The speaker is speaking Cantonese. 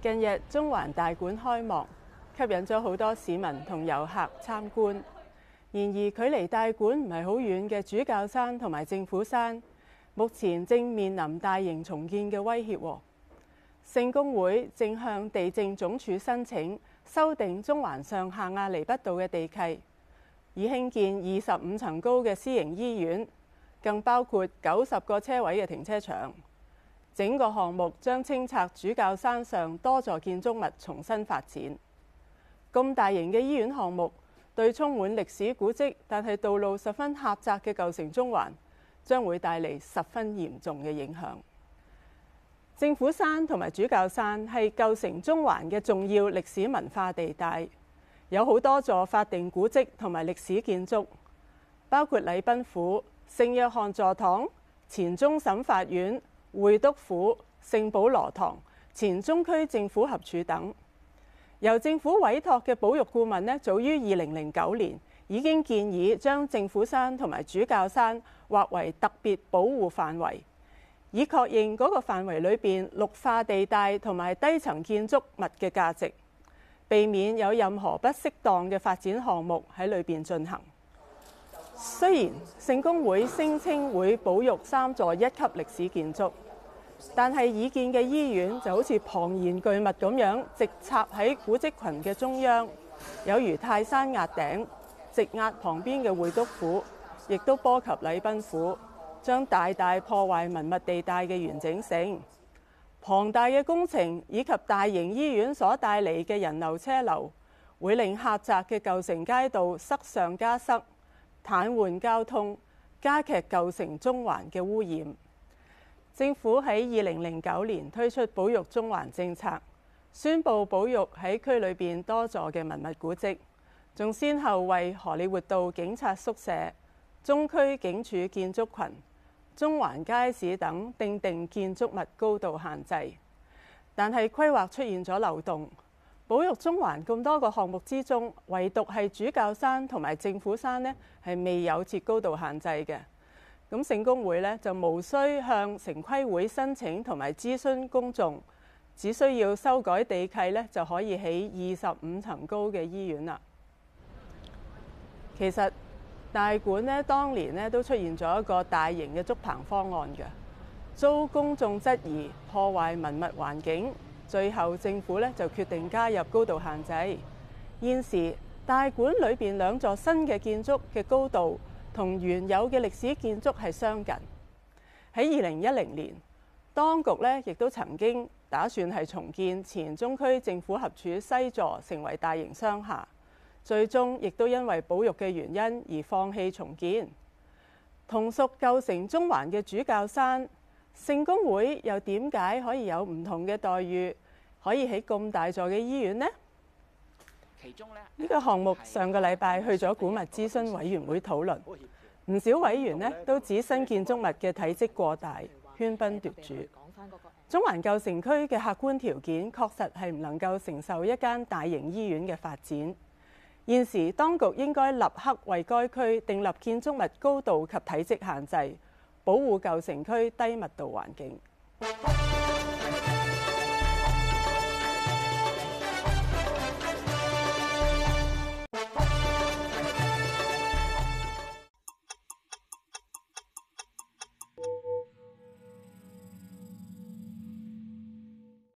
近日中環大館開幕，吸引咗好多市民同遊客參觀。然而距離大館唔係好遠嘅主教山同埋政府山，目前正面臨大型重建嘅威脅。聖公會正向地政總署申請修訂中環上下亞厘畢道嘅地契，以興建二十五層高嘅私營醫院，更包括九十個車位嘅停車場。整個項目將清拆主教山上多座建築物，重新發展。咁大型嘅醫院項目對充滿歷史古蹟，但係道路十分狹窄嘅舊城中環，將會帶嚟十分嚴重嘅影響。政府山同埋主教山係舊城中環嘅重要歷史文化地帶，有好多座法定古蹟同埋歷史建築，包括禮賓府、聖約翰座堂、前終審法院。會督府、聖保羅堂、前中區政府合署等，由政府委託嘅保育顧問呢，早於二零零九年已經建議將政府山同埋主教山劃為特別保護範圍，以確認嗰個範圍裏面綠化地帶同埋低層建築物嘅價值，避免有任何不適當嘅發展項目喺裏面進行。雖然聖公會聲稱會保育三座一級歷史建築，但係已建嘅醫院就好似龐然巨物咁樣，直插喺古蹟群嘅中央，有如泰山壓頂，直壓旁邊嘅會督府，亦都波及禮賓府，將大大破壞文物地帶嘅完整性。龐大嘅工程以及大型醫院所帶嚟嘅人流車流，會令狹窄嘅舊城街道塞上加塞。癱瘓交通，加劇舊城中環嘅污染。政府喺二零零九年推出保育中環政策，宣佈保育喺區裏邊多座嘅文物古蹟，仲先後為荷里活道警察宿舍、中區警署建築群、中環街市等訂定建築物高度限制。但係規劃出現咗漏洞。保育中環咁多個項目之中，唯獨係主教山同埋政府山呢，係未有設高度限制嘅。咁聖公會呢，就無需向城規會申請同埋諮詢公眾，只需要修改地契呢，就可以起二十五層高嘅醫院啦。其實大館呢，當年呢，都出現咗一個大型嘅竹棚方案嘅，遭公眾質疑破壞文物環境。最後政府咧就決定加入高度限制。現時大館裏面兩座新嘅建築嘅高度同原有嘅歷史建築係相近。喺二零一零年，當局咧亦都曾經打算係重建前中區政府合署西座成為大型商廈，最終亦都因為保育嘅原因而放棄重建。同屬舊城中環嘅主教山。聖公會又點解可以有唔同嘅待遇，可以起咁大座嘅醫院呢？其中呢呢、呢個項目上個禮拜去咗古物諮詢委員會討論，唔少委員呢都指新建築物嘅體積過大，喧賓奪主。嗯、中環舊城區嘅客觀條件確實係唔能夠承受一間大型醫院嘅發展。現時當局應該立刻為該區訂立建築物高度及體積限制。保護舊城區低密度環境。